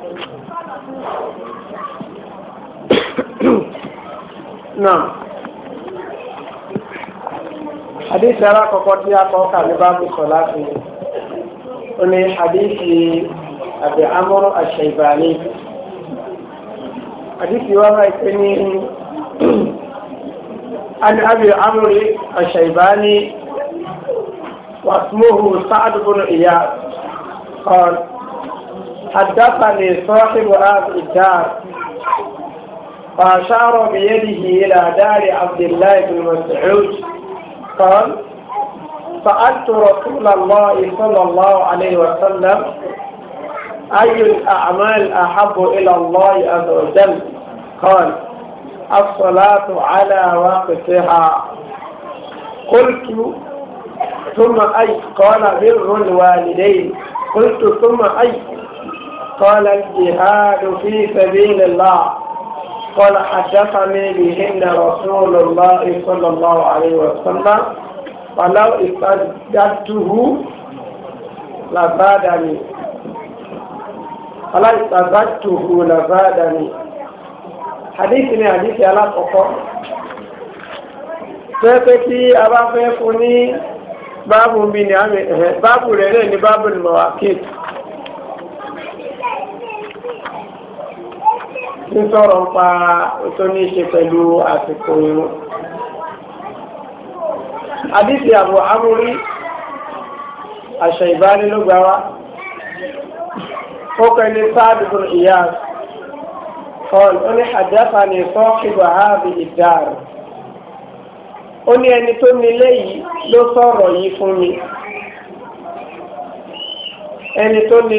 náà àdéhìí alákọ̀ọ́kọ́ tí a kọ́ kà ní báàbù sọ láti ó ní àdéhìí àbí amúrú àṣẹ ìbàlẹ̀ àdéhìí wá máa pé ní عن أبي عمرو الشيباني واسمه سعد بن إياد حدثني صاحب أبي الدار فأشار بيده إلى دار عبد الله بن مسعود قال سألت رسول الله صلى الله عليه وسلم أي الأعمال أحب إلى الله عز وجل قال الصلاة على وقتها قلت ثم أي قال بر الوالدين قلت ثم أي قال الجهاد في سبيل الله قال حدثني بهن رسول الله صلى الله عليه وسلم فلو استجدته لزادني فلو استزدته لزادني حديث من حديث على فقه pẹ́pẹ́ tí a bá fẹ́ fún ní báàbù mi ní sísọ̀rọ̀ pa tó ní ṣe pẹ̀lú àsìkò irun. Abu Amuri àṣà ìbánilógbà wa. Fọ́kọ̀ ilé sáàdù ìyá kọ́l ó ní àjẹ́fà ní O áàbì ìdáàrù. Ó ní ẹni tó nílé yìí ló sọ̀rọ̀ yìí fún mi. Ẹni tó mi.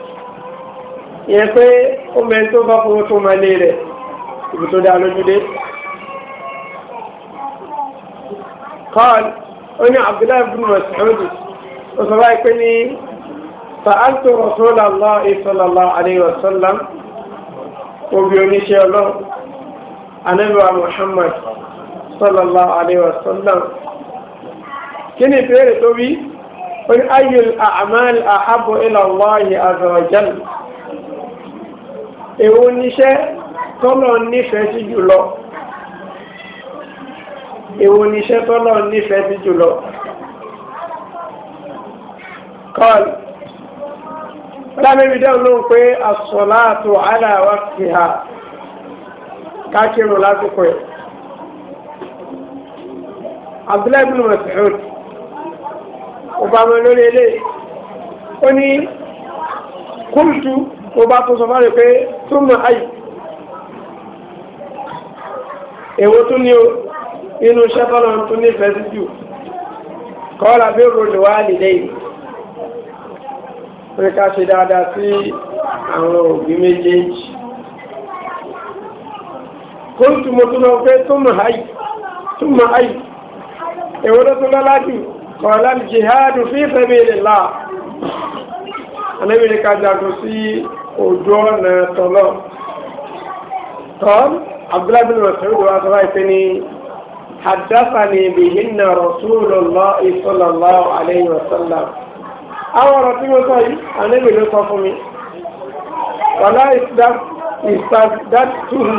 ìyẹn pé ó mẹ́rin tó bá fowó tó máa lé rẹ̀ ibi tó dá lójú dé. قال أنا عبد الله بن مسعود وصبايكني سألت رسول الله صلى الله عليه وسلم وبيونيشي الله أنبي محمد صلى الله عليه وسلم كني بيري توبي قل أي الأعمال أحب إلى الله عز وجل èwo níṣẹ́ tọ́lọ̀ nífẹ̀ẹ́ sí jùlọ èwo níṣẹ́ tọ́lọ̀ nífẹ̀ẹ́ sí jùlọ kọ́ọ̀lù ọlámẹ́bí dẹ́wọ̀n ló ń pé as-salatu ala waqtiha káàkiri lásìkò ẹ̀ Abdullahi bin Mas'ud ọba mọ́ lórí eléyìí ó ní kúrùtù tó bá tún sọ fáre pé túmọ̀ ayì èwo tún ní o inú iṣẹ́ tọ́lọ̀ tún nífẹ̀ẹ́ sí jù kọ́lá bí ròdì wá lìdẹ́ yìí pé ká ṣe dáadáa sí àwọn òbí méjèèjì kóńtù mo tún lọ pé túmọ̀ ayì túmọ̀ ayì èwo ló tún lọ́lá jù kọ́lá jihadu fi sabilillah anábìrin ká jagun sí ojú ọ̀nà tọ́lọ̀ tọ́m abdullahi bin masoud wa sọ wáyé pé ní haddathani bihinna rasulullah sallallahu alayhi wa sallam àwọn ọ̀rọ̀ tí mo sọ yìí ànábì ló sọ fún mi wàlá ìsàdátùrù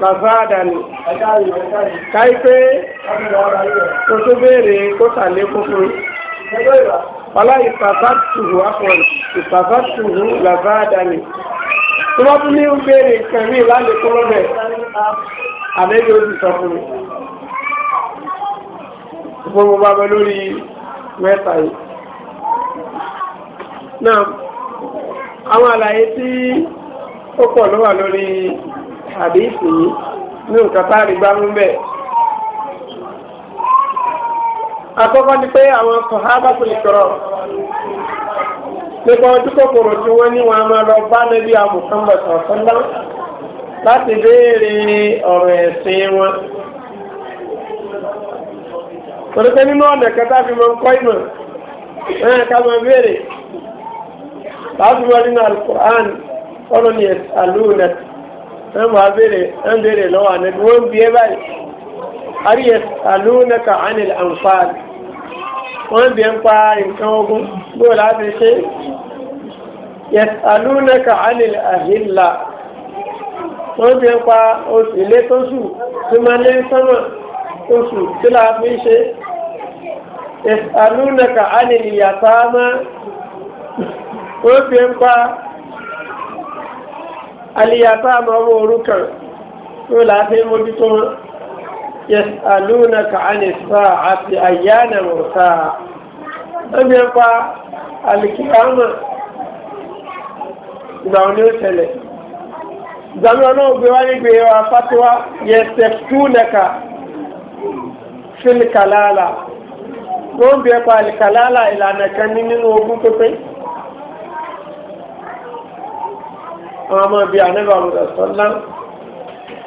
làfáàdàní káyí pé kò tó béèrè kó tà fún mi wàlá ìfàfàtùhù àpọ̀n ìfàfàtùhù làbáàdàní tí wọ́n tún ní ń béèrè nǹkan mí lálẹ́kọ́ lọ́bẹ̀ àbẹ́bí ó ti sọ fún mi gbogbo bá bẹ lórí mẹ́ta yìí náà àwọn àlàyé tí ó pọ̀ ló wà lórí àdéhìsì yìí ní nǹkan tá a rí àkọ́kọ́ ni pé àwọn sọ̀hábà kò lè sọ̀rọ̀ nípa ojú kòkòrò tí wọ́n ní wọn a máa lọ bá níbi àbùkánbà sọ̀tọ́lá láti béèrè ọ̀rọ̀ ẹ̀sìn wọn. torí pé nínú ọ̀nà kẹta fi máa ń kọ́ ìmọ̀ náà ká máa béèrè láti wọ́n nínú alukur'an ọ̀rọ̀ ni máa béèrè náà béèrè lọ́wọ́ àná wọ́n bí ẹ báyìí. Ari yẹ alunaka anil anfaani wọ́n bí ń pa nǹkan ogun gbọ́ láti ṣe yẹ̀sàlúnẹ́kà ánìl àhílà wọ́n bí ń pa oṣù ilé tó sù tí máa lé sánmà oṣù tí láà fi ṣe yẹ̀sàlúnẹ́kà ánìl yàtàmá wọ́n bí ń pa alìyàtàmá owó orúkàn gbọ́ láti mójútó wọn yasalunaka ani saati ayyana mursa wọn bẹ pa alikiyama ìgbà wọn ni ó ṣẹlẹ̀ ìgbàmí ọlọ́run gbé wá wa fatiwa yasaftunaka filikalala wọn bẹ pa alikalala ìlànà kan ní nínú ogún pépé wọn a máa bí anábàmùdà sọlá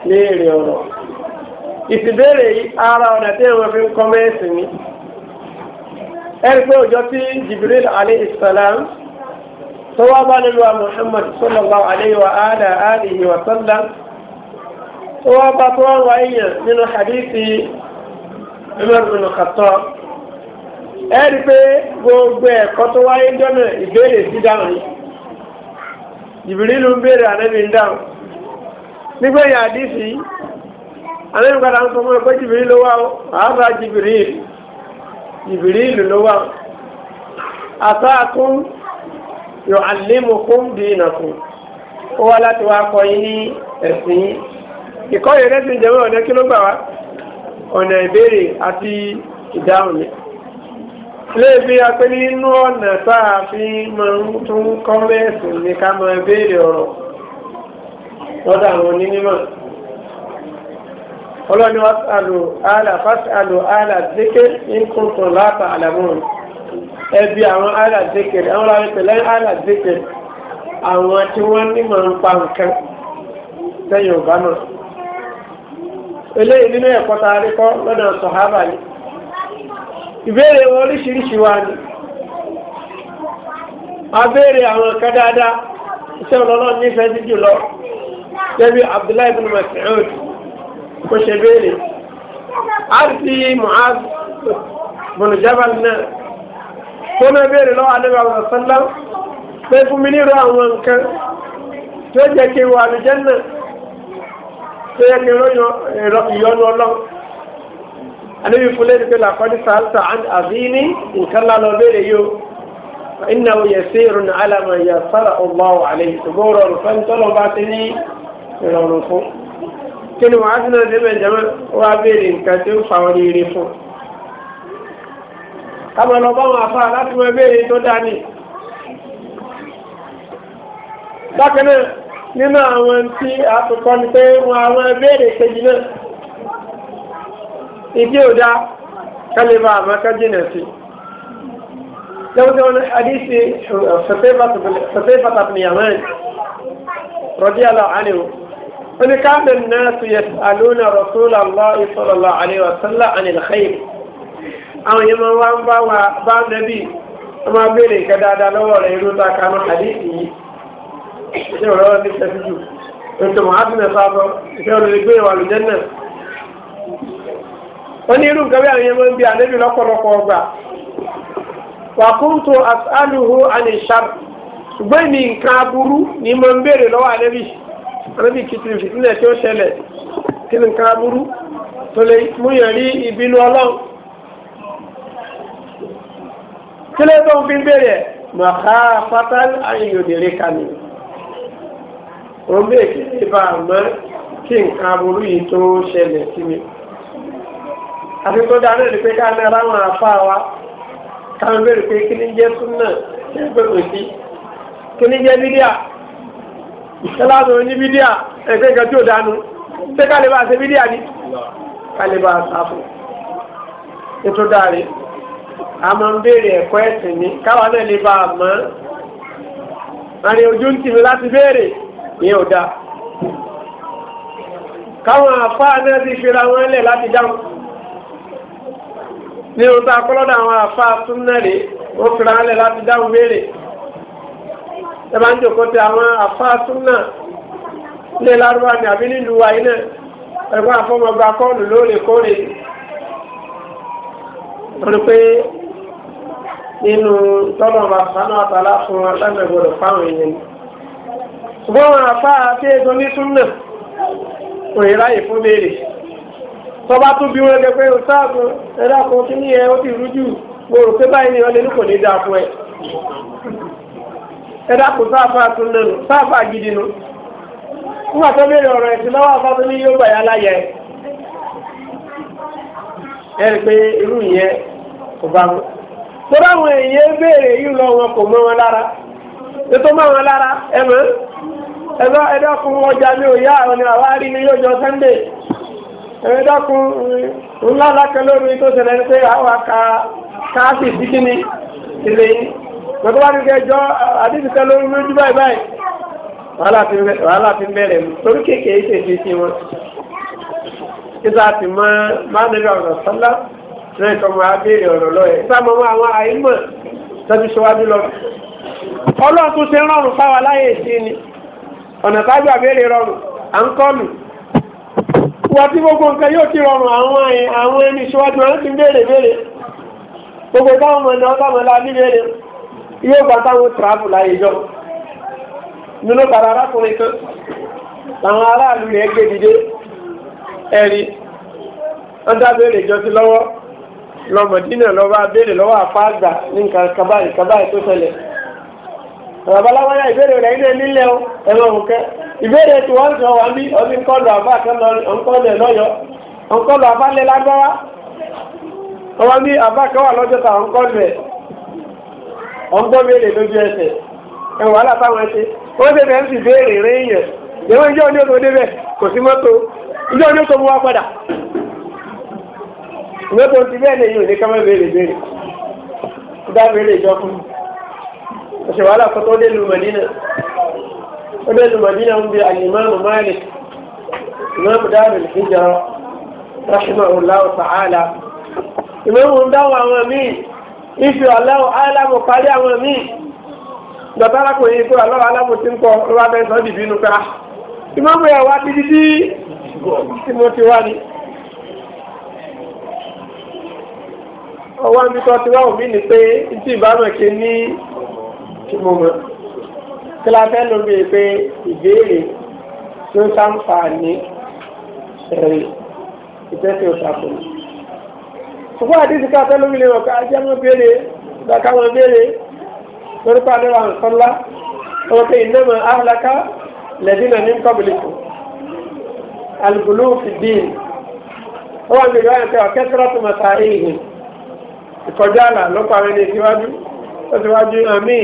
léèrè ọ̀rọ̀ ìsìbéèrè yìí ara ọ̀nà tí èèyàn fi ń kọ́ mẹ́sì ni ẹ̀rí pé ọjọ́ tí Jibril alayhi salam tó wá bá nílùú wa Muhammad sallallahu alayhi wa ala alihi wa sallam tó wá bá tó wọ́n wá nínú hadithi Umar bin Khattab ẹ̀rí pé gbogbo ẹ̀kọ́ tó wáyé jọ́nà ìbéèrè sí dáhùn yìí Jibril ń béèrè ànábì ń dáhùn nígbẹ̀yìn àdìsí àlejò padà ń sọ fún mi pé jìbìrì ló wà ó àbá jìbìrì jìbìrì ìlú ló wà ó àtàkùn yóò àlémùkùn dìínàkùn ó wá láti wá kọ́ yín ní ẹ̀sìn yín ìkọ́yè lẹ́sìn jẹ́wọ́ ọ̀nà kí ló gbà wá ọ̀nà ni. léèbí apẹ́ nínú ọ̀nà tá a fi máa ń tún kọ́ mẹ́sìn ni ká máa béèrè ọ̀rọ̀ lọ́dọ̀ àwọn onímọ̀ ọlọ́ni wá sàlù àlà fásàlù àlà zikir nkùnkùn láta àlàmùn ẹbí àwọn àlà zikir àwọn ọlọ́ni pẹ̀lẹ́ àlà zikir àwọn tí wọ́n ní máa ń pa nǹkan sẹ́yìn ọ̀bá náà. eléyìí nínú ẹ̀kọ́ tá a rí kọ́ lọ́dọ̀ sọ̀hábà ni ìbéèrè wọn oríṣiríṣi wa ni a béèrè àwọn nǹkan dáadáa iṣẹ́ ọlọ́lọ́ nífẹ̀ẹ́ sí jùlọ gẹ́gẹ́ bí Abdullahi bin Mas'ud kó ṣe béèrè àti Mu'az bin Jabal náà kó náà béèrè lọ́wọ́ alẹ́wà ọ̀sánlá pé fún mi nírò àwọn nǹkan tó jẹ́ kí wà àlùjánnà tó yẹ kí ìyọnu ọlọ́run anabi fúnlẹ̀ ní pé làkọ́dí sàáltà àzíní nǹkan lálọ́ béèrè yóò innahu yasirun ala man yassara Allahu alayhi ṣùgbọ́n rọrùn fẹ́ ń ti ní ìrọ̀rùn fún kí ni wàá sí náà débẹ̀ jẹ́mọ́ wàá béèrè nǹkan tí ó fa oríire fún un. káma lọ bá wọn àfa láti mọ béèrè tó dání. bákan náà nínú àwọn tí a tó kọ́ ni pé wọn àwọn béèrè kejì náà ìdí ò kálí bá àmọ́ ká jìnà sí. لو حديث حذيفة بن يمان رضي الله عنه قل كان الناس يسألون رسول الله صلى الله عليه وسلم عن الخير أو يما وان با با نبي أما بيري كدا دا لو ريرو تا كانوا حديثي شو لو دي تسجو انتم عادنا صابو شو لو يبي والو جنة wọ́n ní irú nǹkan bí àwọn yẹn máa ń bi ànábì lọ́pọ̀lọpọ̀ ọgbà wàkúntù as'aluhu àníṣàr ṣùgbọ́n ní nǹkan aburú ni mo ń béèrè lọ́wọ́ ànábì ànábì kìtìrì fìtílẹ̀ tí ó ṣẹlẹ̀ kí ni nǹkan aburú tó lè múyàn rí ìbínú ọlọ́run kí ló tó ń fi bèrè ẹ̀ màkà fatal ayọ̀dẹ̀rẹ̀ o òun bèè kí ni bá a mọ kí nǹkan aburú yìí tó ṣẹlẹ̀ sí mi àti tó dáná ni pé ká ní aláwọn afá wa káwọn bèrè pé kí ni jẹ́ súnà ṣẹ́gbẹ́ òsì kí ni tẹ́láàtò ní bídíà ẹ̀fẹ́ nǹkan tí ò dánú ṣé kálíbà ṣe bídíà ni kálíbà sáfù ètò dáre a máa ń béèrè ẹ̀kọ́ ẹ̀sìn ní káwa náà lè bá a mọ̀ ọ́n àrè ojú ń tì mí láti béèrè ìyẹn ò dáa káwọn àfáà náà ti fira wọn lẹ̀ láti dáhùn ní ohun tá àwọn àfáà tún náà rè ó fira wọn lẹ̀ láti dáhùn béèrè ẹ̀bá ń jòkó tẹ àwọn afáàtún náà ilé lárúbá ni àbí nílùú wa iná ẹ̀gbọ́n àfọmọba kọ́ọ̀lù lóòrèkóòrè lórí pé nínú tọ́lọ̀ bá sánú àtàlà fún wa lánàá gbọdọ̀ fáwọn èèyàn ni. ṣùgbọ́n wọn àfa àti ètò onísùn náà kò yẹ láàyè fún béèrè tọ́ba tún bí wọn lè pé ọ̀sáàgùn ẹ̀dá kan kí ni ẹ ó ti rújú mo rò pé báyìí ni wọn lè ní kò ní dáa fún ẹ. ẹ̀dá kò sáfà tó lẹ́nu sáfà gidi nu nígbà tó béèrè ọ̀rọ̀ ẹ̀sìn lọ́wọ́ afọ́tún ní yóò gbàyà láyẹ̀ ẹ̀ rí pé irú ìyẹn kò bá wọn. tó dáwọn èèyàn béèrè yìí lọ wọn kò mọ wọn lára ètò mọ wọn lára mi àwọn ni àwa rí ni yóò jọ ńlá lórí tó ka kíni gbogbo wa ni kẹjọ àdébìtẹ lórí lójú báyìí báyìí wàhálà fi bẹ̀rẹ̀ mu torí kékeré tètè sí wọn títà ti mọ mánàbí ọ̀rọ̀ sọ́lá náà kọ́ máa béèrè ọ̀rọ̀ lọ́yẹ̀ títà mọ́ mọ́ àwọn àìmọ̀ tọ́jú síwájú lọ. ọlọ́run tún ṣe rọrùn fáwa láyé sí ni ọ̀nà tájú àbẹ́rẹ́ rọrùn à ń kọ́lù. wọ́n ti gbogbo nǹkan yóò ti rọrùn àwọn àwọn ẹni síwájú wọn ti béèrè béèrè gbogbo táwọn ọmọ náà táwọn ọmọ yóò gba táwọn tìràbù láyé jọ nínú padà arákùnrin kan làwọn aráàlú rẹ̀ gbé dìde ẹ̀rí wọ́n dábẹ́rẹ́ ìjọsí lọ́wọ́ lọ́mọdínà lọ́wọ́ abéèrè lọ́wọ́ àpáàgbà ní nǹkan kábàáyì kábàáyì tó ṣẹlẹ̀ babaláwáyà ìbéèrè rẹ̀ ilé nílẹ̀ o e ọ̀gbọ́n béèrè lójú ẹsẹ̀ ẹ̀wọ̀n wàhálà táwọn ẹsẹ̀ wọ́n ṣe fẹ́ẹ́ sì béèrè réèyàn ìwé ìjọ ní oṣù débẹ̀ kò sí mọ́tò ìjọ ní oṣù wa padà ìwé tó ti bẹ́ẹ̀ lẹ́yìn òní kámẹ́ béèrè béèrè dá béèrè ìjọ fún ọ̀sẹ̀ wàhálà kó tó délu Màdínà ó délu Màdínà ń bi alimami Malik ìmáàmù Darul Hijra rahimahullahu ta'ala ìmáàmù ń dáwọ àwọn míì ife ọlọ́wọ́ alámù parí àwọn míì dọ̀tara kò yí pé ọlọ́wọ́ alámù ti ń kọ́ lọ́wọ́ abẹ́ sọ́ dìbí inú ká ah, ìmọ̀mù ẹ̀ wá títí tí tí mo ti wá ni. ọwọ́ mi kan ti wá òmí ni pé tí ìbámọ̀ ṣe ní kí mo mọ̀ kí la fẹ́ lómi pé ìbéèrè tí ó sáǹfà ní ẹ̀rí ìtẹ́sí òṣàkóso ṣùgbọ́n àdìsí ká fẹ́ lómi lè wọ̀ ká ajá mọ́ béèrè dàkà mọ́ béèrè lórí pàdé wa nǹkan ńlá wọn kò iná mọ́ ahlaka lẹ́dínà ní kọ́bìlìkù alùpùlù fìdíìn ó wà níbi báyìí pé ọ̀kẹ́sìrọ̀ tó mọ̀ sáà ìhìn ìkọjá àlà ló pa àwọn ẹni ìsíwájú ó ti wájú àmì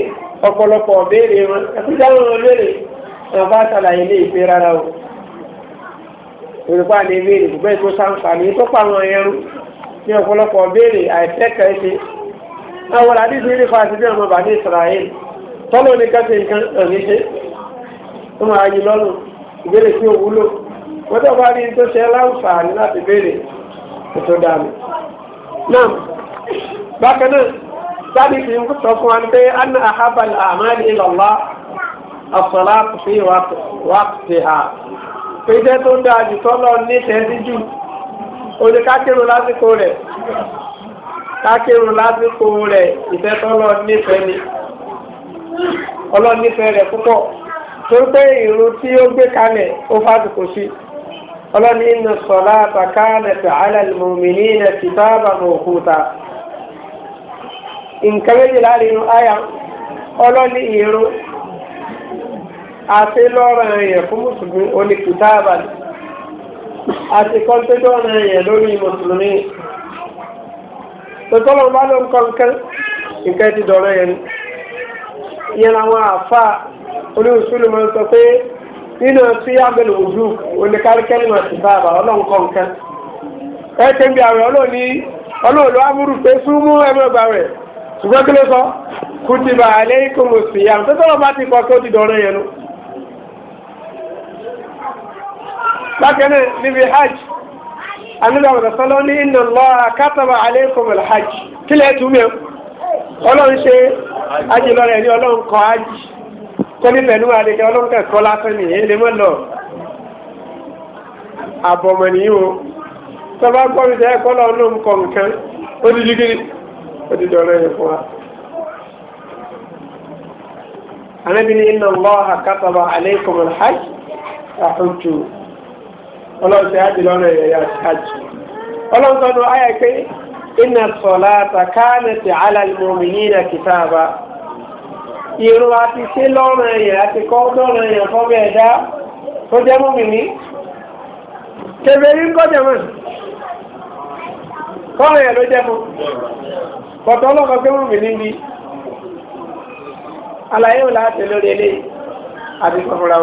ọ̀pọ̀lọpọ̀ béèrè wọn ẹ̀kújá wọn béèrè wọn bá ṣàlàyé ní ìpè rárá o. Yorùbá ni ìbéèrè gbogbo ètò sáǹfà ní tó pa àwọn ẹrú ní ọ̀pọ̀lọpọ̀ béèrè àìfẹ́kẹ̀ẹ́ ṣe àwọn àdìsí ní fásitì bí ọmọ bàbá Israel tọ́lọ́ ní kẹ́sì nǹkan ọ̀ní ṣe ó máa yí lọ́nu ìbéèrè tí ó wúlò wọ́n tó bá rí tó ṣe láǹfààní láti béèrè ètò dàmí. náà bákan náà sábì fi ń sọ fún wa pé anna ahabal amali ilallah as-salatu fi waqtiha pé iṣẹ́ tó dáa jù tọ́lọ́ ní tẹ́sí jù òde kákérò lásìkò rẹ̀ kákérò lásìkò rẹ̀ ìfẹ́ tọ́lọ́ nífẹ̀ẹ́ ni ọlọ́run nífẹ̀ẹ́ rẹ̀ púpọ̀ torí pé ìrun tí ó gbé kalẹ̀ ó fásitì sí ọlọ́run inú sọ̀lá àtàkánẹ̀tì alàlùmọ̀mìnì ilẹ̀ kìtàbà òkúta nǹkan méjì láàrin àyà ọlọ́run ìrun àti lọ́rọ̀ ẹ̀yẹ̀ fún mùsùlùmí àti kọ́ńtẹ́tọ́ ọ̀nà lórí mùsùlùmí bá ló ń nǹkan ti dọ̀rọ̀ yẹn yẹn làwọn àfa oníwùsùlù máa ń sọ pé nínú ẹtí abẹ́lé òjú oníkárikẹ́lì máa ti bá àbá ọlọ́run kọ́ ẹ ti ń bi àwẹ̀ ọlọ́ọ̀ni ọlọ́ọ̀lọ́ amúrú pé súnmú ẹgbẹ́gbà rẹ̀ ṣùgbọ́n kí ló sọ kùtìbà àlẹ́ ikú mùsùlùmí bá ti kọ́ bákan náà níbi hajj anúlọ ọ̀rọ̀ sọlọ́ ní inna Allaha kataba alaykum al-hajj kílẹ̀ tún mi ọlọ́run ṣe hajj lọ́rọ̀ ẹ̀rí ọlọ́run kọ hajj kọ́ ní pẹ̀lú àdékẹ́ ọlọ́run kẹ́ kọ́ lásán ní èlé mọ́ lọ àbọ̀mọ̀ nìyí o tọ́ba gbọ́ mi sẹ́yìn kọ́ lọ́run ló ń kọ nǹkan ó ti dìgírí ó ti dọ̀rọ̀ yẹn fún wa. anábìíní inna Allaha kataba alaykum al-hajj àtúntò ọlọ́run ṣe ájì lọ́rọ̀ ẹ̀yà ájì ọlọ́run sọ́nu ayé pé iná sọ̀lá takáàlì ti alàlùmọ̀mì yìí na kìtàbà irun àti ṣe lọ́rọ̀ ẹ̀yà àti kọ́ lọ́rọ̀ ẹ̀yà fọ́mọ ẹ̀dá tó jẹ́ mú mi ní kébèrè ń kọ́jà mọ́ kọ́rọ̀ ẹ̀ ló jẹ́ mú bọ̀tọ̀ ọlọ́kọ̀ pé mú ní bí àlàyé ò láti lórí eléyìí àti kọ́kọ́ra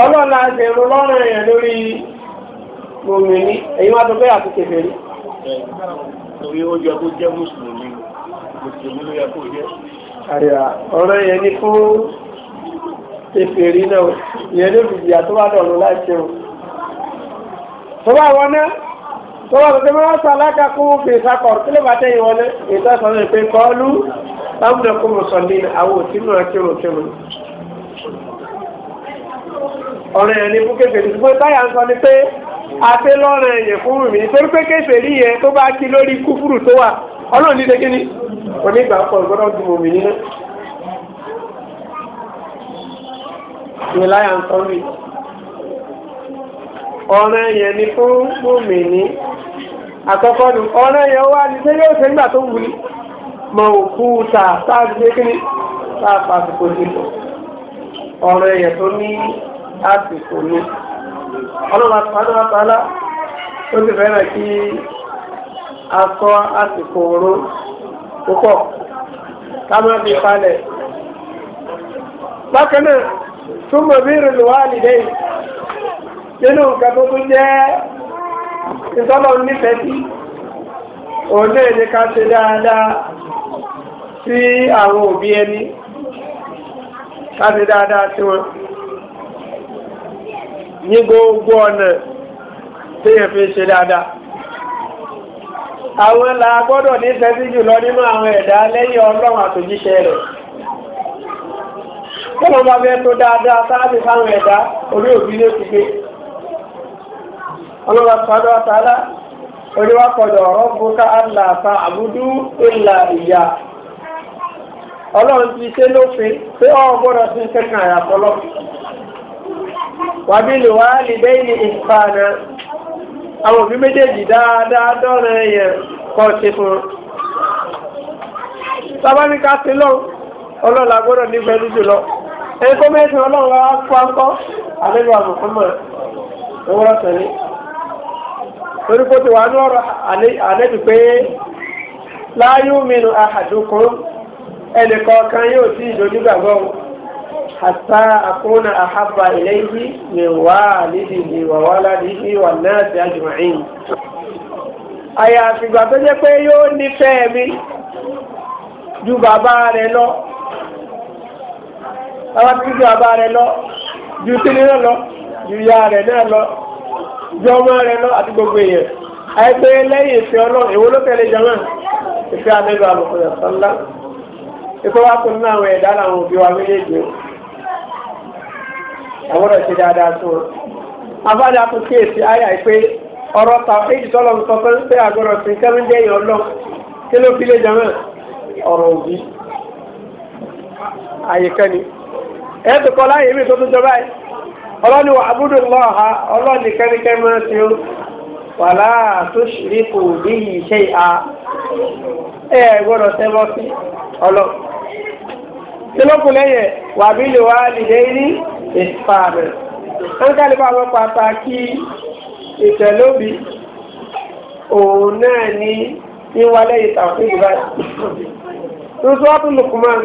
ọlọ́la ṣe irun lọ́rùn èèyàn lórí mòmìnì èyí wá tó bẹ́ẹ̀ àti kèfèrí. torí ó yẹ kó jẹ́ mùsùlùmí mùsùlùmí ló yẹ kó jẹ́. àyà ọ̀rọ̀ yẹn ni fún kèfèrí náà ìyẹn ló fi jìyà tó bá dọ̀rùn láì ṣeun. tó bá wọn náà tó bá tètè máa sọ alákàkún fi sakọ̀ kí ló bá tẹ̀yìn wọn náà ìtọ́sọ̀rọ̀ ìpè kọ́ọ́lù táwọn ọkùnrin sọ̀ndín àwọn òtí ọ̀rọ̀ yẹn ni fún kèfèrí ṣùgbọ́n táyà ń sọ ni pé àti lọ́rọ̀ ẹ̀yẹ̀ fún mi torí pé kèfèrí yẹn tó bá kí lórí kúfúrú tó wà ọlọ́run ní dégé ní onígbà pọ̀ gbọ́dọ̀ ju mòmí nínú. ìláyà ń sọ mi ọ̀rọ̀ yẹn ni fún mòmí ní àkọ́kọ́ ni ọ̀rọ̀ yẹn wá ní sẹ́yìn òsè nígbà tó wù ní mọ̀ òkúta tá a ti dé ni tá a fa àsìkò ìdìbò ọ̀rọ̀ yẹn tó ní àsìkò ni ọlọ́wà tààlà ó sì fẹ́ràn kí a sọ àsìkò oró púpọ̀ ká má fi palẹ̀. bákan náà túmọ̀ bí ìrìnlùwà nìdẹ́ yìí nínú nǹkan tó tún jẹ́ ìtọ́lọ̀ nífẹ̀ẹ́ sí òun náà ní ká ṣe dáadáa sí àwọn òbí ẹni ká ṣe dáadáa sí wọn ní gbogbo ọ̀nà téèyàn fi ṣe dáadáa. àwọn là gbọ́dọ̀ nífẹ̀ẹ́ sí jùlọ nínú àwọn ẹ̀dá lẹ́yìn ọlọ́run àtòjíṣẹ́ rẹ̀. kọ́nà bá fẹ́ tó dáadáa sáábì fáwọn ẹ̀dá orí òbí ló ti gbé. ọlọ́run àtàlá àtàlá oríwá kọjọ ọ̀rọ̀ bùkà àlàáfà àbúdú ìlà ìyá. ọlọ́run ti ṣe lófin pé ọ̀ gbọ́dọ̀ sí kẹ́kẹ́ àyàfọ́lọ́. wàbílù wá lè bẹ́ẹ̀ ní ìfàànà àwọn òbí méjèèjì dáadáa dọ́rin ẹ̀yẹ kọ́ ṣe fún un. sábà ní ká sí lọ́wọ́ ọlọ́la gbọ́dọ̀ nífẹ̀ẹ́ ní jùlọ. ẹni tó mẹ́sìn ọlọ́run wá fún akọ́ àlejò torí kó ti wà ní ọ̀rọ̀ àlejò pé láyé òmìnira kan yóò ìdójú gbàgbọ́ حتى أكون أحب إليه من والده وولده والناس أجمعين àyàfi ìgbà tó jẹ́ pé yóò nífẹ̀ẹ́ mi ju bàbá rẹ̀ lọ bàbá tí ju bàbá rẹ̀ lọ ju tíní náà lọ ju ìyá rẹ̀ náà lọ ju ọmọ rẹ̀ lọ àti gbogbo èèyàn àìpé lẹ́yìn ìfẹ́ ọlọ́run èwo ló tẹ̀lé jama ìfẹ́ àmẹ́lò àlùkò yàtọ̀ ńlá ìfọwọ́sọ nínú àwọn ẹ̀dá làwọn òbí wa méjèèjì o. àwọ̀rọ̀ ṣe dáadáa tó o. afáàdà tó kíyèsí àyà pé ọ̀rọ̀ tàfíìsì tọ́lọ̀ nǹkan kan pé àgọ́rọ̀ sí kẹ́rin jẹ́ èèyàn lọ kí ló fi lè jẹun ọ̀rọ̀ òbí àyíká ni. ẹ̀ tó kọ́ láyé mi tó tó jọba yìí ọlọ́ni wa abúdó lọ́ha ọlọ́ni kẹ́ríkẹ́ máa ti ó wàlá tó ṣìrí kò bí iṣẹ́ ìhà ẹ̀ gbọ́dọ̀ sẹ́wọ́ sí ọlọ́ kí ló lẹ́yìn wàbí lè wá lè dé ìfà rẹ̀. wọ́n kálí bá wọn pàtàkì ìtẹ̀lóbi òun náà ní níwálé ìtàkùn ìgbà. tuntun wá tún Lukman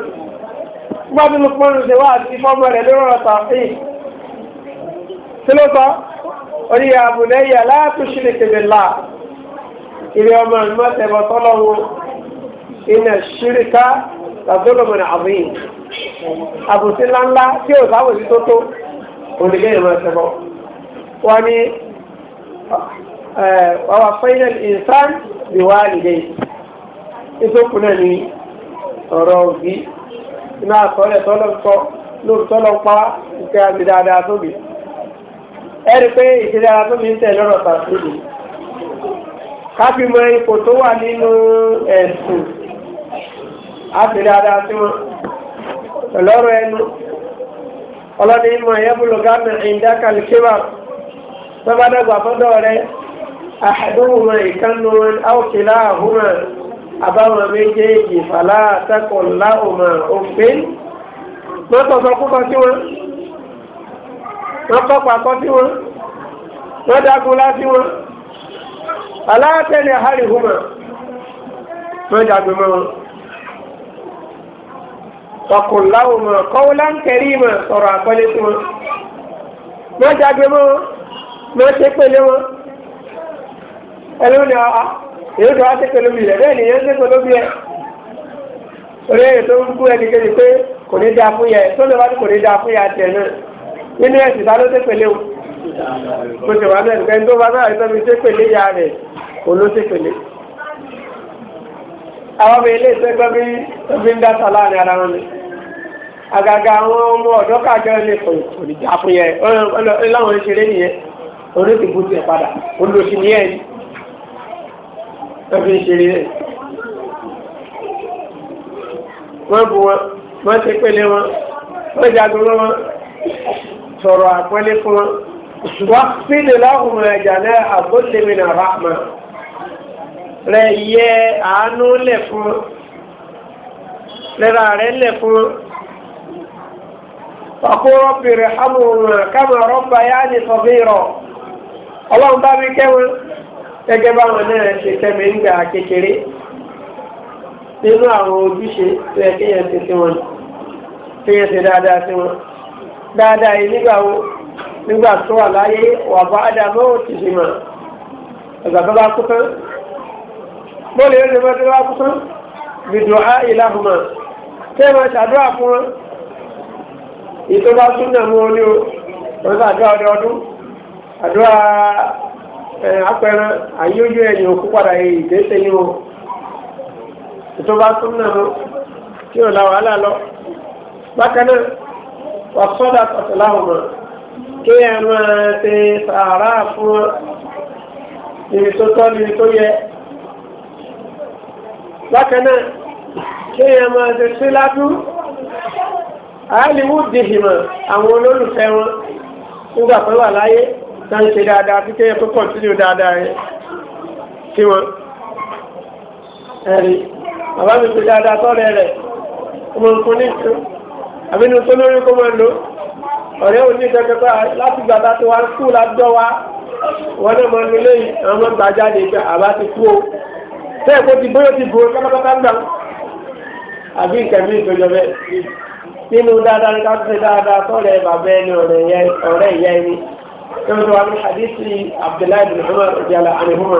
gbá tún Lukman ṣe wá àti fọ́mọ rẹ̀ lórí ọ̀rọ̀ tàfíì. kí ló sọ? oníyà àbùnẹ́yà látúnṣe lè tẹ̀lé láà ilé ọmọ ìmọ̀ tẹ̀bọ̀ tọ́lọ́wọ́ iná ṣíríkà tàbí olómìnira àbúyìn. àbòsí ńláńlá tí ò sábòsí tó tó òdìgẹ́ ìmọ̀ ẹ̀sẹ̀ bọ̀. ni our final wá fẹ́yìn ìsán ìwà àlìdẹ́ náà ní ọ̀rọ̀ òbí iná àkọọ́lẹ̀ tọ́lọ́tọ́ lóòótọ́ lọ pa ìfẹ́ àti ẹ rí i pé ìfẹ́ dáadáa ń tẹ̀ lọ́rọ̀ tàbí káfí mọ lọ́rọ̀ ẹnu ọlọ́ni ìmọ̀ ẹ̀yẹ́bùlù gánà ìdá tó bá dàgbà fọ́dọ̀ rẹ àdúgbò ìkànnù àwòkìlá àhúmọ̀ àbáwọn méjèèjì fàlà àtẹ́kọ̀ọ́ láwùmọ̀ òfin mọ́tò sọ sí wọn wọ́n kọ́ sí wọn wọ́n dákun wọn aláàtẹ̀lẹ̀ àhárìhùmọ̀ wọ́n wọn. wàkùn láwùmọ̀ kọ́wọ́lá ń kẹrí mọ̀ sọ̀rọ̀ àkọlé sí wọn. wọ́n jágbe mọ́ wọn wọ́n ṣe pẹ̀lẹ́ wọn. ẹlẹ́wọ̀n ni àá èyí tó wá ṣe pẹ̀lú bí rẹ̀ bẹ́ẹ̀ ni yẹn ṣe pẹ̀lú bí rẹ̀. orí ẹ̀yẹ tó ń kú ẹnikẹ́ni pé kò ní dáa fún yẹ tó lè wá ní kò ní dáa fún yẹ àtẹ̀ náà nínú ẹ̀sìn ta ló ṣe pẹ̀lẹ́ o. mo ṣèwà náà nǹkan tó bá náà àwọn ọmọ ilé ìṣẹ́gbẹ́ bí bí ń dáta láàrin ara wọn ni àgàgà àwọn ọmọ ọ̀dọ́ kájọ ilé ìjà fún yẹ láwọn ń ṣeré nìyẹn orí ti bú tiẹ̀ padà olóṣì ní ẹ̀ ní wọ́n fi ń ṣeré rẹ̀ wọ́n bu wọn wọ́n ti pélé wọn wọ́n jagun wọn sọ̀rọ̀ àpọ́nlé fún wọn wọ́n fi lè láwùmọ̀ ẹ̀jà náà àbóṣe mi nà ráàmà. rẹ yẹ àánú lẹ̀ fún rẹra rẹ lẹ̀ fún ọkọ rọbì rẹ hàmù kàmà rọbà yá ni sọfì rọ ọlọ́run bá mi kẹ́wọ́n gẹ́gẹ́ báwọn náà ṣe tẹ́mi ń kékeré nínú àwọn ojúṣe tó kéèyàn ti sí wọn kéèyàn ti dáadáa sí wọn dáadáa yìí nígbà wo nígbà tó wà láyé wà bá àdàmọ́ òtìṣe mọ́ ọ̀gá bá kú bọ́ọ̀lù yóò ṣe máa dúró akúsán bìdùn á ìlàhùmá ṣé máa ṣàdúrà fún wọn ìtọ́ba súnà mú ọ ní o wọn ṣe àdúrà ọdọọdún àdúrà apẹran àyíyójú ẹ̀yìn òkú padà ìgbésẹ̀ yìí o ìtọ́ba súnà mú tí ò la wàhálà lọ bákan náà wà sọ́dà tọ̀tọ̀láhùmá kí ẹ máa ṣe sàárà fún ibi tó tọ́ níbi tó yẹ bákan náà kéèyàn máa ṣe síláàbù àálìwò dìhìmọ̀ àwọn olólùfẹ́ wọn nígbà pé wà láyé náà ń ṣe dáadáa tí kéèyàn tó kọ̀ntínú dáadáa yẹn sí wọn. ẹ̀rí bàbá mi ṣe dáadáa tọ́lẹ̀ rẹ̀ ọmọ nǹkan ní nǹkan àbínú tó lórí kó máa lò ọ̀rẹ́ òní kẹ́kẹ́kọ́ láti gbàgbà tó wá kú lájọ́ wa wọn náà máa lò lẹ́yìn àwọn ọmọ gbàjáde àbá ti kú o bẹ́ẹ̀ kó ti bóyá ti bò ó pátápátá ń gbà àbí nǹkan mi ìtòjọ bẹ́ẹ̀ nínú dáadáa ní káfíńsì dáadáa tọ́lẹ̀ bàbá ẹni ọ̀rẹ́ ìyá ẹni yóò tó wà ní hadithi Abdullahi bin Umar jala anihuma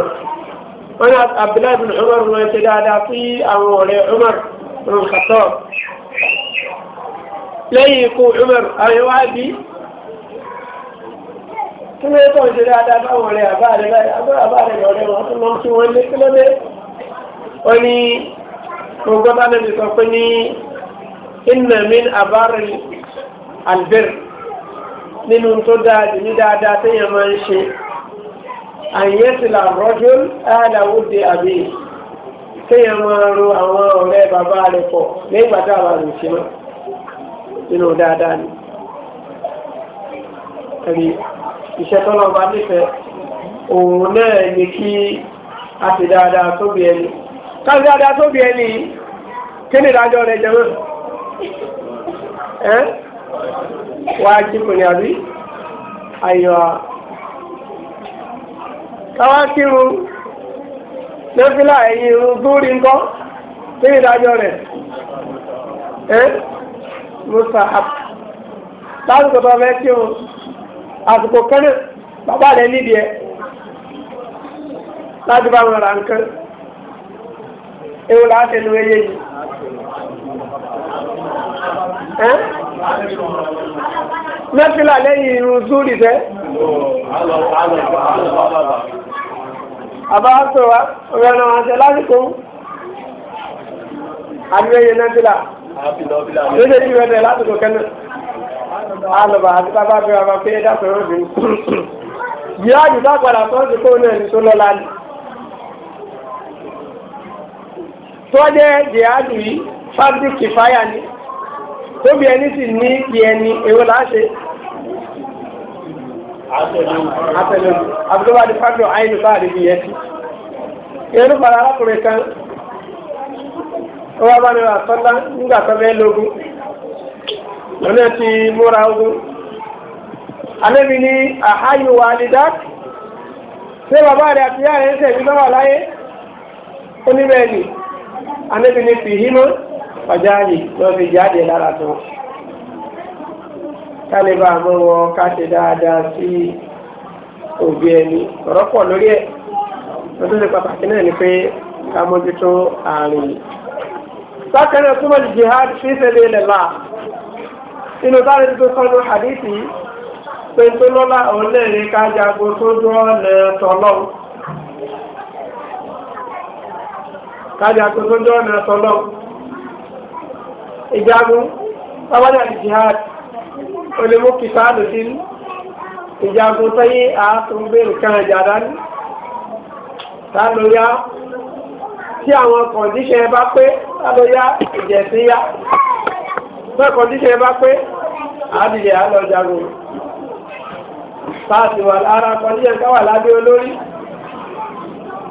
wọn ni Abdullahi bin Umar wọn ṣe dáadáa sí àwọn ọ̀rẹ́ Umar bin Khattab lẹ́yìn ikú Umar àwọn wá bí kí ló tó ń ṣe dáadáa báwọn ọ̀rẹ́ àbá rẹ̀ báyìí àbá rẹ̀ ọ̀rẹ́ wọn tó lọ sí wọn lé kí ló dé ó ní gbogbo tánàbí sọ pé ní inna min abaril albir nínú tó dáa jù ní dáadáa téèyàn máa ń ṣe àyẹ́sìlá rọ́jòl àdàwùdé àbí kéèyàn máa ro àwọn ọ̀rẹ́ bàbá rẹ̀ pọ̀ nígbà tá a wà lò sí mọ́ nínú dáadáa ni. ẹ̀rí iṣẹ́ tọ́lọ́ bá nífẹ̀ẹ́ òun náà ní kí a ti dáadáa tóbi ẹni káàkiri dáadáa tó bí ẹni kí ni ìdájọ́ rẹ̀ jẹ́ mọ́ ẹ́ wá kí kò ní àbí àyọ̀ káwá kírun lẹ́fílà ẹ̀yìn irun dúrí ńkọ́ kí ni ìdájọ́ rẹ̀ ẹ́ musa lásìkò tó fẹ́ kírun àsìkò kẹ́nà bàbá rẹ̀ nídìí ẹ̀ láti bá wọn ra nǹkan ewu láti lu eye yìí. mẹ́fìlà lẹ́yìn irun zúrì fẹ́. àbá sọ wa ọ̀rẹ́ náà wá ṣe lásìkò àdúgbẹ́yẹ mẹ́fìlà lóde tí wọ́n tẹ̀ lásìkò kẹ́nà. alùpàá àti bàbá bí wàá máa fi ẹ̀dá sọ̀rọ̀ bí. yíyá àdúgbò àgbàdo àtọ́jú kó náà ní tó lọ́la ni. tó jẹ́ jihadu yìí fabric kìfáyà ni tóbi ẹni sì ní ti ẹni èwo là á ṣe. àtẹlẹmù abdulbadi fagbo àyìnbó bá rí iye sí. irú padà arákùnrin kan ó wá bá nínú àtọ́lá nígbà tó bẹ́ẹ̀ lógún lọ́nà ti múra ogun. alẹ́bi ní àháyò wa ni dá ṣé bàbá rẹ̀ àti ìyá rẹ̀ ń tẹ̀lé lọ́wọ́ láyé ó ní bẹ́ẹ̀ ni anábì ní fi hímọ́ ọ̀jáde lọ́ fi jáde lára tó kálíbà mọ́ wọn ká ṣe dáadáa sí òbí ẹni ọ̀rọ̀ lórí ẹ̀ lọ́dún ní pàtàkì náà ni pé ká mójútó àárín yìí. bákan náà túmọ̀ ní jihad fi sabilillah inú táwọn ẹni tó sọ́nù hadithi pé tó lọ́la òun náà ká jagun tó dúró lẹ́ẹ̀tọ́ lọ́wọ́. káàdì àtọ́jọ́ ọ̀nà àtọ́lọ́ ìjagun sábàdà jihad olèmú kìtàlù sí ìjagun sẹ́yìn àátúngbé nǹkan ìjàdá ní tálóyá tí àwọn kọ̀ǹdíṣẹ̀ bá pé tálóyá ìjẹ̀sí yá tí àwọn kọ̀ǹdíṣẹ̀ bá pé àádìyẹ àlọ́ jagun sáà sì wà lára kọ̀ǹdíṣẹ̀ káwà lábẹ́ olórí.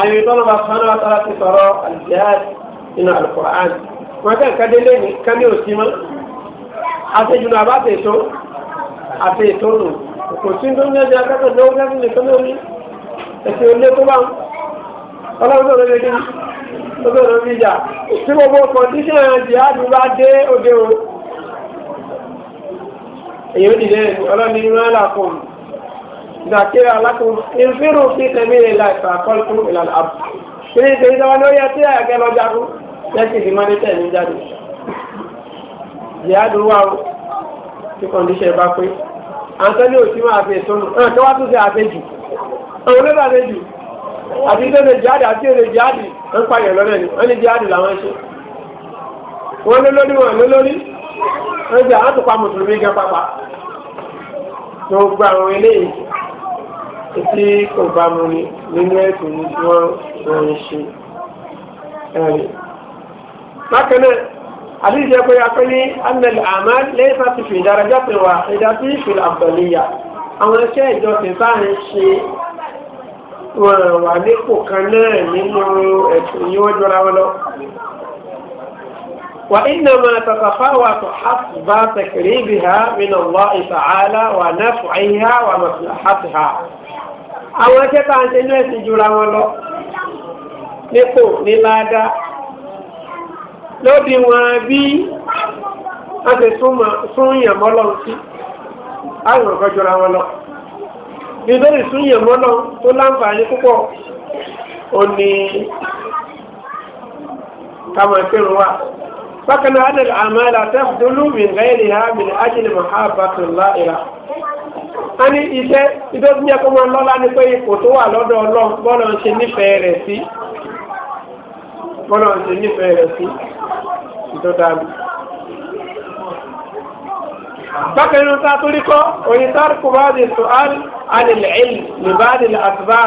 àyè tọ́lọ́ bá sọ́nà àtàrà ti sọ̀rọ̀ aljihad nínú alukur'an wọn kàn kádé lẹ́yìn kání òsì mọ́ àtẹ̀jù náà bá tẹ̀ tó àtẹ̀ tó nù kò sí tó ń yẹ jẹ akẹ́kọ̀ọ́ ní ọgbẹ́ ní nìkan lórí ẹ̀sìn olé tó bá ń ọlọ́run tó lórí ẹ̀dín tó tó lórí ìjà tí gbogbo kọ̀ǹdíṣàn jihad bá dé òde o èyí ó dìde ọlọ́run ní ìrún àlàkùn ìdàkiri alákùn ìfírù fi tẹ̀mí ilé láìpẹ́ àkọ́lùkù ìlànà àbù. kiri ìṣe ìjọba lórí ẹtí àgẹ́ lọ jagun lẹ́sìn ìdí mọ́nítẹ̀ ní jáde. jihadu wa o tí kọ́ndíṣẹ̀ bá pé àǹtẹ́lẹ̀ òsì máa fi ètò nù ẹ̀ tó wá tún ṣe àfẹ́jù àwọn olóògbé àfẹ́jù àti tó ṣe jihadi àti èdè jihadi ń pààyàn lọ́rẹ̀ ni wọ́n ní jihadi làwọn ṣe wọ́n ló lórí wọn ló lórí wọ́n jẹ́ àwọn tó pa mùsùlùmí gan pápá tó gba àwọn eléyìí tí kò bá mu ni nínú ẹ̀sìn ni tí wọ́n wọ́n ń ṣe. bákan náà àdéhùn jẹ́ pé a pé ní anel amal lẹ́yìn sáà ti fi ìdárajá pè wá ìdá sí ìfìlà àbọ̀lẹ́yà àwọn iṣẹ́ ìjọsìn tá à ṣe wọn wà nípò kan náà nínú ẹ̀sìn yìí jọra wọn lọ. وإنما تتفاوت حسب تكريبها من الله تعالى ونفعها ومصلحتها àwọn ẹgbẹ́ tá à ẹ̀sìn jura wọn lọ nípò ní láàdá lóbi wọn bí wọ́n ti súnyàn mọ́lọ́ sí àwọn jura wọn lọ nítorí súnyàn mọ́lọ́ tó láǹfààní púpọ̀ ó ní kama kírun wa bákan náà adìl àmàlà tẹ́fù dúlú a ní iṣẹ́ ìdókòwò kó máa lọ́lá ni pé ipò tó wà lọ́dọ̀ ọlọ́run bọ́lọ̀ ń ṣe nífẹ̀ẹ́ rẹ̀ sí bọ́lọ̀ ń ṣe nífẹ̀ẹ́ rẹ̀ sí ìdọ́dàlù. bákan nínú tá a tó rí kọ́ òyìn tá a kò bá di sùhán alìlẹ̀ ìlì nìbàdì àtúbà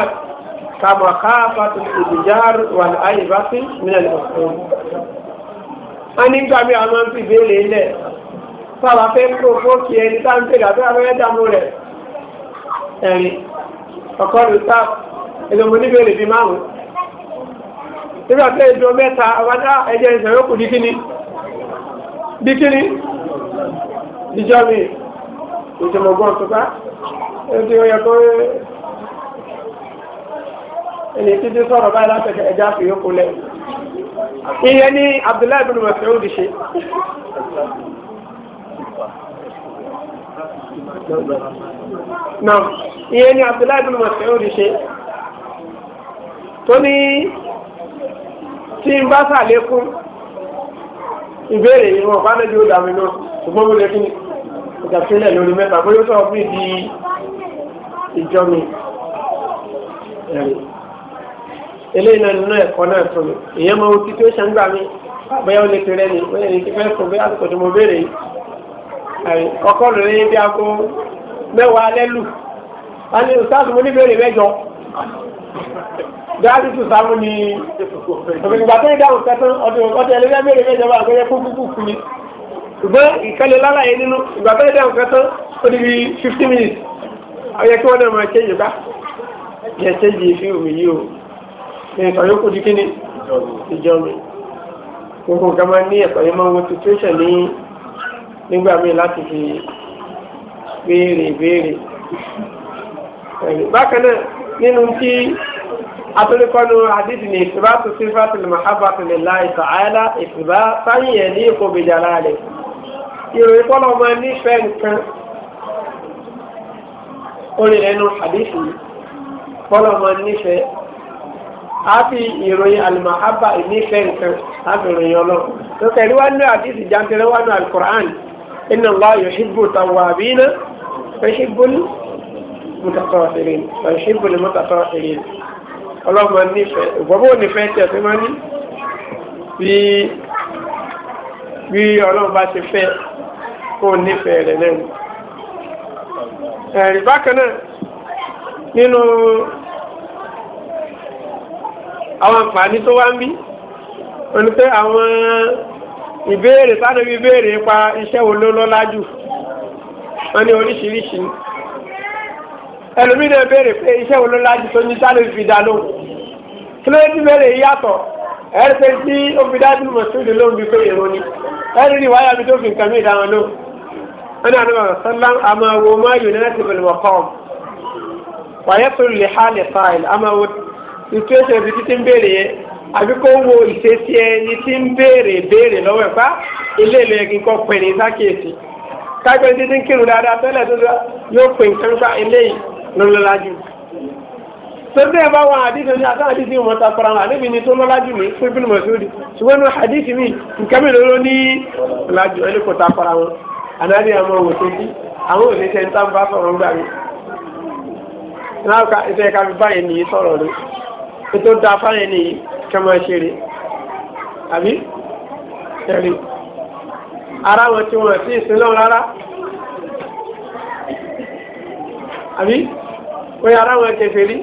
kàmà káfà tó ìdìjáàrú wà ní ayé bá sí nílẹ̀ ọ̀sán. a ní gbàmí àwọn fi ìbéèrè ilẹ̀ sábà fẹ́ kó fókì ẹni tá ń tẹ̀lé àti abẹ́rẹ́ dàmú rẹ̀ ẹ̀rin ọ̀kọ́ ní sáà ẹ̀lọ́mọ oníbèrè bíi márùn-ún. nígbà tó ẹ̀dùn ọmọ ẹ̀ta àwádá ẹ̀jẹ̀ ìṣẹ̀ yókù di kíni di kíni díjọ́ mi ìjọmọ̀gbọ́n tó bá ẹ̀dùn ọyọ tó ẹni títí sọ̀rọ̀ báyìí látẹ̀kẹ̀ ẹja fi yókù lẹ̀. ìyẹn ní Abdullahi bin Mas'ud ṣe. náà ìyẹn ni abdullahi bin Mas'ud ṣe tó ní tí n bá sàlékún ìbéèrè yìí wọn bá lẹ́jọ́ dàmí náà ṣùgbọ́n mo lè kí ni ìdàsílẹ̀ lórí mẹ́ta bóyá sọ̀rọ̀ bí di ìjọ mi eléyìí náà nínú ẹ̀kọ́ náà tó mi ìyẹn mo ti tó ṣe ń gbà mí bóyá ó lè tẹ̀lé ni bóyá ní ti fẹ́ sùn bóyá àsìkò tó mo béèrè yìí. ọkọ lórí ní bí aago mẹ́wàá alẹ́ a ní ìsáàtù mo níbèrè mẹ́jọ dáàbì sáàmù ní ìgbà tó ń dáhùn sẹ́tún ọdún ẹlẹ́gbẹ́ mẹ́rin mẹ́jọ bá àgbẹ̀yẹ kúkúkú fún mi ṣùgbọ́n ìkẹlẹ̀ nínú ìgbà tó ń sẹ́tún ó di bí fifty minutes ọyẹ kí wọ́n náà máa ṣe yìí bá yẹ ṣe yìí fi omi yìí o ìjọ mi ní ẹ̀kọ́ yẹn máa situation nígbà míì láti fi béèrè béèrè. bákan náà nínú tí atúnikọ́nu àdìsí ni ìsìbátu sífàtì mahabbati lillahi ta'ala ìsìbá sáyẹn ní ìkóbìjàlá rẹ̀. ìròyìn kọ́lọ́ máa nífẹ̀ẹ́ nǹkan orí ẹnu àdìsí kọ́lọ́ máa nífẹ̀ẹ́ àfi ìròyìn alimahabba ìnífẹ̀ẹ́ nǹkan àfi ìròyìn ọlọ́run. lókè rí wá nínú àdìsí jantere wá nínú alukur'an inna Allah yuhibbu tawwabina wa yuhibbu mutatahhirin wa yuhibbu mutatahhirin ọlọ́mọ nífẹ̀ẹ́ ìgbọ́bọ́ nífẹ̀ẹ́ tẹ̀ fún mọ́ni bí bí ọlọ́run bá ṣe fẹ́ kó nífẹ̀ẹ́ rẹ̀ lẹ́nu. ẹ̀rí bákan náà nínú àwọn àǹfààní tó wá ń bí wọn ni pé àwọn ìbéèrè sádẹ́bí béèrè nípa iṣẹ́ wo ló lọ́lá jù wọ́n ní oríṣiríṣi ẹlòmíì náà béèrè pé iṣẹ́ wo ló lọ́lá jù tó ní sádẹ́bí fi dá lóhùn kí ló ti béèrè yàtọ̀ ẹ̀rí pé tí ó fi dájú mọ̀síwìdì lóhùn bí pé èrò ni ẹ̀rí rí wáyà mi tó fi nǹkan mi dá wọn lóhùn wọ́n ní àdúgbò sọ́lá àmọ́ wo máa yò ní láti bẹ̀rẹ̀ wọ̀ kọ́ wàyẹ́ pẹ̀lú lè há lè fáìlì àmọ́ wo ìtúwẹ́sẹ̀ àbí kó wo ìṣesí ẹni tí ń béèrè béèrè lọ́wọ́ ẹ̀fá ilé ìlú ẹ̀kí kan pè ní sákèsì kápẹ́ títí ń kírun dáadáa tẹ́lẹ̀ tó dá yóò pè nǹkan pa eléyìí lọ́lọ́lá jù. sọ́dọ̀ ẹ̀ bá wọn àdìsí ní àtàwọn àdìsí wọn ta fara hàn níbi ni tó lọ́lá jù ní fún ibùdó mọ̀sódì ṣùgbọ́n ní àdìsí mi nǹkan mi ló ní lájú ẹni kò ta fara wọn àdáni àwọn òṣèṣì àwọn òṣèṣì ètò da fáyẹn nìyí kẹ́ máa ṣe rè àbí tẹ̀lé ara wọn tí wọn sí ìsinlọ rárá àbí wọ́n yàrá wọn kẹfẹ́ rí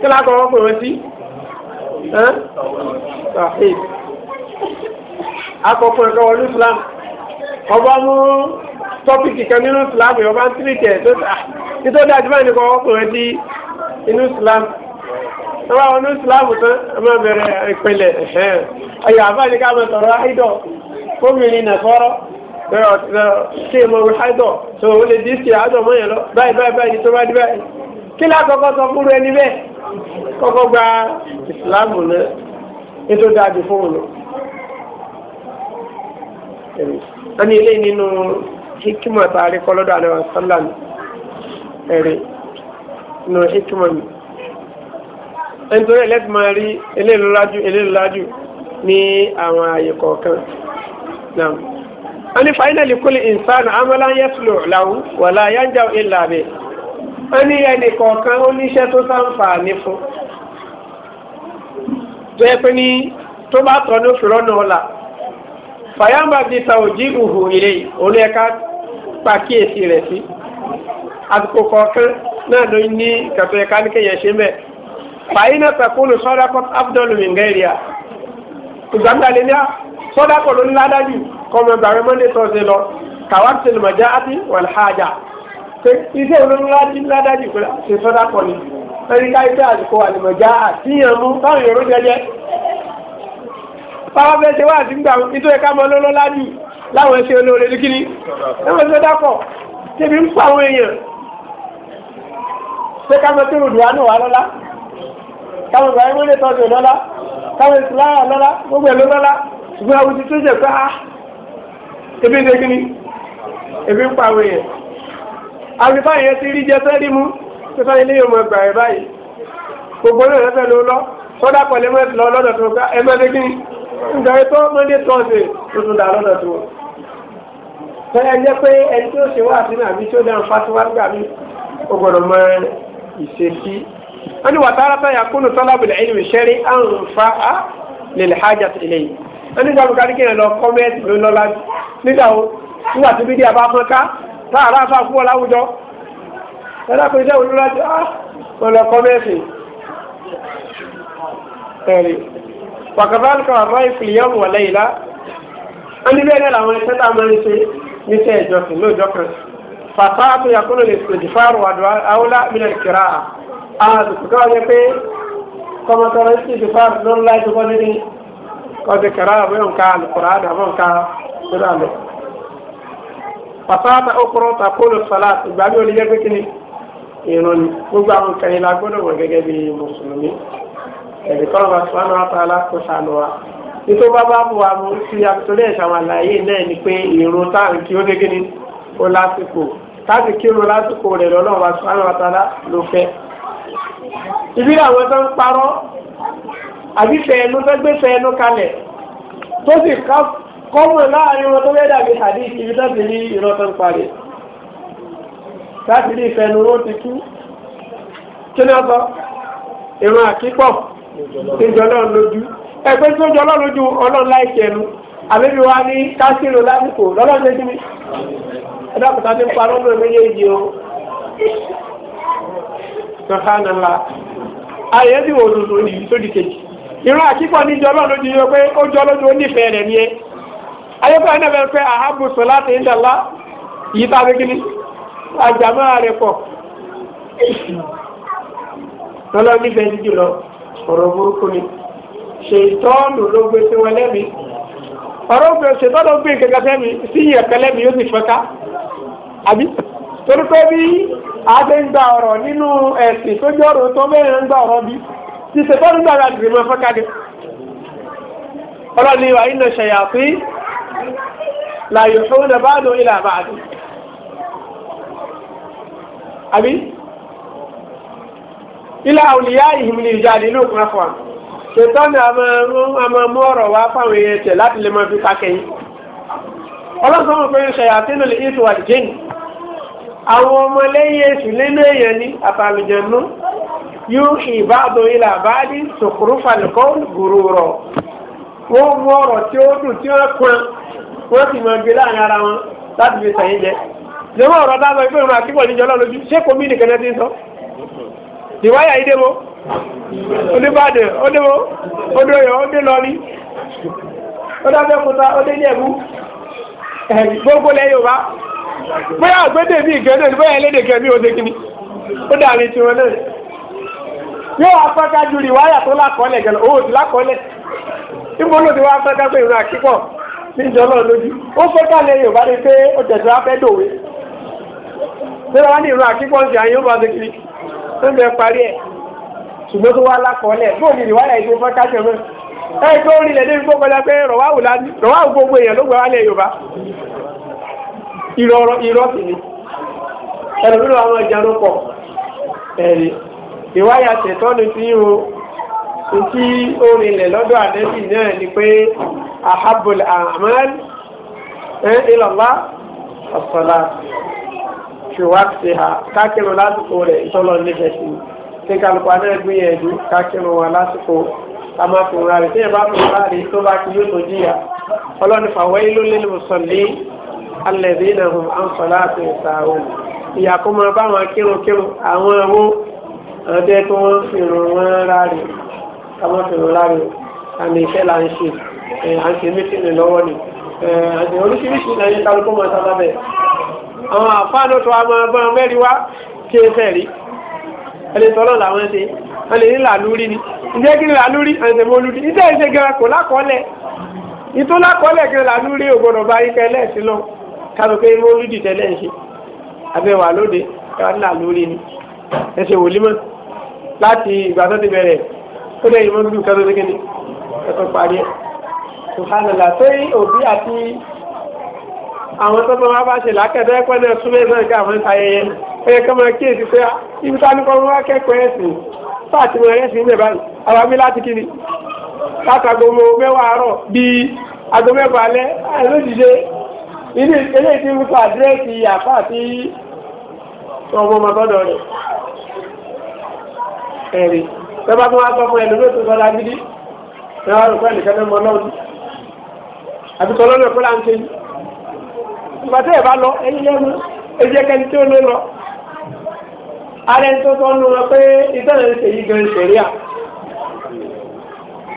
kí lákọ̀ wọ́n pè wọ́n sí tàfíì akọ̀kọ̀ ẹ̀kọ́ wọlé Islam ọba mú tọ́pìkì kan nínú Islam ọba ń tírìtì ẹ̀ tó dájú báyìí nìkan wọ́n pè wọ́n sí inú Islam tó bá wọnú ìsìláàmù tán ẹ máa bẹ̀rẹ̀ ìpìlẹ̀ ẹ̀yà àbáyé ká máa tọ̀rọ̀ áìdọ̀ fómìnrin nà fọ́rọ́ kí ẹ mọ wí áìdọ̀ tó o lè dín sí àádọ́ mọ́yàn lọ báyìí báyìí báyìí tó bá dé báyìí kí lákọ̀ọ́kọ́ sọ fún ẹni bẹ́ẹ̀ kọ́kọ́ gba ìsìláàmù náà nítorí dájú fóun lọ ani ilé nínú hikima taari kọlọdọ alẹ wa sallam ẹrẹ nínú hikima mi nítorí ẹlẹ́tì máa rí eléèlúlájú eléèlúlájú ní àwọn ààyè kọ̀ọ̀kan náà. wọ́n ní fàínàlì kúlì ìnsán amọ́lá ń yẹ́sùlò làwọn wàlá yánjà ìlà bẹ̀. wọ́n ní ẹnì kọ̀ọ̀kan ó níṣẹ́ tó sáǹfààní fún. tó yẹ pé ní tó bá tọ́ ní òfin rọ́nà ọ̀la fàyàmbà bíi tàwùjí ìhù ilé òun ẹ̀ka pàkíyèsí rẹ̀ sí. àsìkò kọ̀ọ̀kan náà ló ní ìkàtọ̀ ẹ̀ka ní kéèyàn ṣe mẹ́ẹ̀ fàyínà takunu sọ́dákọ́ afdọ́lù nìgẹ́ríà ìgbàgbàlẹ̀ ní sọ́dákọ́ ló ń ládájú kọ́mọ gbàgbé monday thursday lọ kàwáàtì lè mọ̀já àti wàlhájà iṣẹ́ olóńlájú ládájú ṣe sọ́dákọ́ ni ẹni ká iṣẹ́ àsìkò àlùmọ̀já àtìyàn mú báwọn yòró jẹjẹ. báwa fẹ́ ṣe wá àti gbà ìtò ẹ̀ka mọ́ lọ́lọ́lájú láwọn ẹṣẹ́ olóore ní kíní ẹ̀wọ̀n sọ́dákọ́ tẹ̀mí ń pa àwọn èèyàn ṣé ká mọ́ káwọn ìbáyé wọlé tọ́jú lọ́la káwọn ìsìláyà lọ́la gbogbo ẹ̀ ló lọ́la ṣùgbọ́n àwọn ti tó jẹ́ pé ah ebi ń degini ebi ń pa àwọn èèyàn àlùfáà yẹn ti rí jẹ sẹ́rí mu tó sọ ilé yòówù ẹgbà ẹ̀ báyìí gbogbo náà lọ́fẹ̀ẹ́ ló lọ sọ́dà pẹ̀lú ẹ̀mọ́ ti lọ lọ́dọ̀ tó ká ẹ̀mọ́ degini ìgbà yẹn tó mọ́ndé tọ́sẹ̀ tó tún dà lọ́dọ̀ tó tọ́lá jẹ́ pé ẹni tí ó ṣe wá sínú àbí tí ó dáhùn fásitì wá gbà mọ ìṣesí wọ́n ní wàtárátà yakunu tọ́lábùlẹ̀ ẹni ìṣẹ́rí àǹfà á lèlè hájà tẹ̀lé yìí wọ́n ní sọ́kùn kárí kéèyàn lọ kọ́mẹ́ẹ̀tì ló lọ́la nígbà wo nígbà tó bí dí abá fọ́n ká táàrà afá fún ọ láwùjọ ẹ̀rọ kò iṣẹ́ òlúra jọ á wọ́n lọ kọ́mẹ́ẹ̀tì ah, ẹ̀rí wàkàbáńkà wà máa ìfìlíọ́mù wà lẹ́yìn lá wọ́n ní bẹ́ẹ̀ làwọn iṣẹ́ tá a máa ń ṣe níṣẹ́ ìjọsìn lóòjọ́ kan fàtà àtúnyàkúrò lè sèjì fáwọn àdúrà áwòlá mílẹ̀ kìráà àdùkùkọ́ ọ̀yẹ́ pé kọ́mọtọ́rọ̀ sí ìdùkọ́rù ló ń láì dùkọ́ nínú kọ́dé kẹrẹ́ àbúyọ̀ nǹka àlùkùrọ̀ àdàbọ̀ nka nínú àlẹ́. pàtàkì ọkùnrin takolo sọlá ìgbà bí olùyẹ pé kíni ìrún ni gbogbo àwọn nǹkan yìí la wa ya ni ibi làwọn tó ń parọ́ àbí fẹ̀ẹ́nu tó gbé fẹ̀ẹ́nu kalẹ̀ tó sì kọ́mọ̀ láàrin wọn tó fẹ́ dàbí hadith ibi tó ti ní ìran tó ń parí láti rí ìfẹ́nu ó ti tú kí ni wọ́n sọ ìran àkípọ̀ tí jọ náà lójú ẹgbẹ́ tí ó jọ náà lójú ọlọ́run láìkẹ́ nu àbíbi wa ní kásìlò lásìkò lọ́lọ́run lójú mi ẹ̀dá kùtà ti ń parọ́ mọ́ ẹ̀mí yé sọ̀hánàlá ayé tí wò lòlò ní sódì kejì ìran àkíkọ̀ níjọ ọlọ́run ti yọ pé ó jọ lójú ó nífẹ̀ẹ́ rẹ̀ ní ẹ ayọ́kọ̀ ẹ̀ náà fẹ́ pé àhábù sọ̀lá ti ń dàlá yìí tá a fi kíní àjàmọ́ rẹ̀ pọ̀ lọ́lọ́ nífẹ̀ẹ́ sí jùlọ ọ̀rọ̀ burúkú ni ṣètọ́ọ̀nù ló gbé sí wọn lẹ́mìí ọ̀rọ̀ ṣètọ́ọ̀nù gbé kẹkẹ sẹ́mi sí ìyẹ̀pẹ̀ lẹ́mìí ó sì fẹ́ ká àbí torí pé bí adé ń gba ọ̀rọ̀ nínú ẹ̀sìn tó jẹ́ ọ̀rọ̀ tó mẹ́rin ń gba ọ̀rọ̀ bí ti ṣe tọ́nu gbàgbà tìrì mọ́ fọ́kadì ọlọ́ni wa iná ṣẹ̀yà pé láyò fún ọ̀nà bá lò ilà àbí ilà òlìyá ìhìmìlì ìjáde ní òkun afọ ṣètọ́nù àmọ́ mú ọ̀rọ̀ wá fáwọn èèyàn tẹ̀ láti lè mọ fi kákẹ́yìn ọlọ́sọ̀rọ̀ pé ṣẹ̀yà sínú lè ìfowàdìjẹ́ni àwọn ọmọlẹ́yìn èṣù nínú èèyàn ní àtàlùjẹ̀nú yóò ṣì ìbáàdó ilà àbáàdì sòkòrò fàlùkọ́ gùrù rọ̀ wọ́n mú ọ̀rọ̀ tí ó dùn tí wọ́n pọn wọ́n sì máa gbé láàrin ara wọn láti fi sàyìn jẹ. lọ́wọ́ ọ̀rọ̀ tá a sọ ìgbéyàwó akíkọ̀ níjọ lọ́nà ojú ṣé kò mí nìkan náà ti sọ. ìwáyà yìí débò oníbàdàn odébò odòyò odélọ́rí odábẹ́kúta odélẹ́bù gbogbo lẹ́yìn òbá bóyá àgbédè bí ìgẹ́dẹ̀ ní bóyá ẹlẹ́dẹ̀ kẹ́ bí ó ṣe ni ó dà ní tiwọn náà yóò wá ká ju rìwáyà tó lákọọ́lẹ̀ gẹ̀lẹ́ owó ti lákọọ́lẹ̀ níbo ló ti wá fẹ́ ká pé ìrìn àkíkọ̀ ní ìjọba lójú ó ká lẹ́yìn òbá ni pé ó tẹ̀sí wá fẹ́ dòwe bóyá wá ní ìrìn àkíkọ̀ ń ṣe àyè ó bá ẹ̀ tó rí irọ́ irọ́ sì ni ẹlòmíràn àwọn ìjànú pọ̀ ẹ̀rí ìwáyà ṣètọ́ni tí o tí ó rinlẹ̀ lọ́dọ̀ àdẹ́sì náà ni pé ahabul amal ilọ̀lá ọ̀sọ̀lá ṣùwàṣìhà kákìrún lásìkò rẹ̀ ìtọ́lọ nífẹ̀ẹ́ sí tí kálukú náà gbìyànjú kákìrún wa lásìkò ká má fún ra rẹ̀ tí ẹ bá fún ra rẹ̀ alladhina hum an salati sahun ìyàkó máa bá wọn kírunkírun àwọn owó ọdẹ tó wọn fìrùn wọn ráre káwọn fìrùn ráre àmì ìfẹ́ là ń ṣe à ń ṣe mítìnì lọ́wọ́ ni àti oríṣiríṣi ìlànà kálukú máa sábà bẹ̀. àwọn àfáàdó tó a máa bọ́n mẹ́rin wá kí ẹ fẹ́ rí ẹni tọ́lọ́ làwọn ṣe wọn lè ní làlúrí ni ǹjẹ́ kí ni làlúrí ẹ̀sẹ̀ mọ́ lùdí ìjẹ́ ìṣe gan kò lákọ́ọ́lẹ̀ ìtòlákọ́ọ́lẹ̀ gan làlúrí ògbọ́dọ̀ bá ikẹ́ lẹ́ẹ̀sìn náà kámi pé mọ́lúdì tẹ́lẹ̀ ń ṣe abẹ́wà lóde ẹ̀wà ńlá lórí ni ẹ ṣe wòlímọ̀ láti ìgbà tó ti bẹ̀rẹ̀ ó lè yìí mọ́lúdì kan tó ti kéde ẹ̀kọ́ parí ẹ̀ subhanallah torí òbí àti àwọn tó máa bá ṣe lákẹ́dẹ́ ẹ̀kọ́ náà túnbẹ̀ náà ká àwọn ayẹyẹ ó yẹ ká máa kíyèsí pé ibi tá a ní kọ́ máa kẹ́kọ̀ọ́ ẹ̀sìn fáà tí mo rẹ̀ sí àwọn abí láti kiri látàgbọ́n mẹ́wàá àárọ̀ bíi agbọ́mẹ́bàálẹ́ àìlójijé ilé ìpínlẹ̀ ti wípé àdírẹ́sì àpá àti ọmọ ọmọ tọ́dọ̀ rẹ̀ ẹ̀rí tọ́ba tó wá sọ fún ẹnu lóṣù sọ́dá gidi ẹ wá rò pé ẹnìkan tó mọ lọ́wọ́ àbí tọ́lọ́ lọ́wọ́ kúlà ń ṣe yìí ìgbà tó ẹ̀ bá lọ ẹ̀yìn lẹ́nu ẹ̀jẹ̀ kẹ́ni tó ló lọ ara ẹni tó tọ́ nu wọn pé ìtọ́nà ń ṣe yìí gan ìṣẹ̀rí à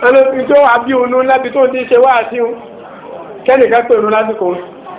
ẹni tó àbí òun lábi tó ti ṣe wá àti kẹ́nìkan pè òun lásìkò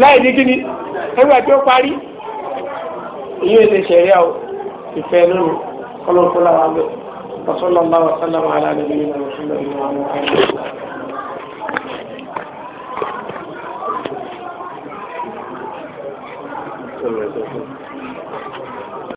láì ní kíni ẹgbẹ́ tí ó parí èyí ètò ìṣẹ̀ríà o ìfẹ́ lónìí kọ́lọ́kọ́ làwọn abẹ́ وصلى الله وسلم على نبينا محمد وعلى اله وصحبه Thank you.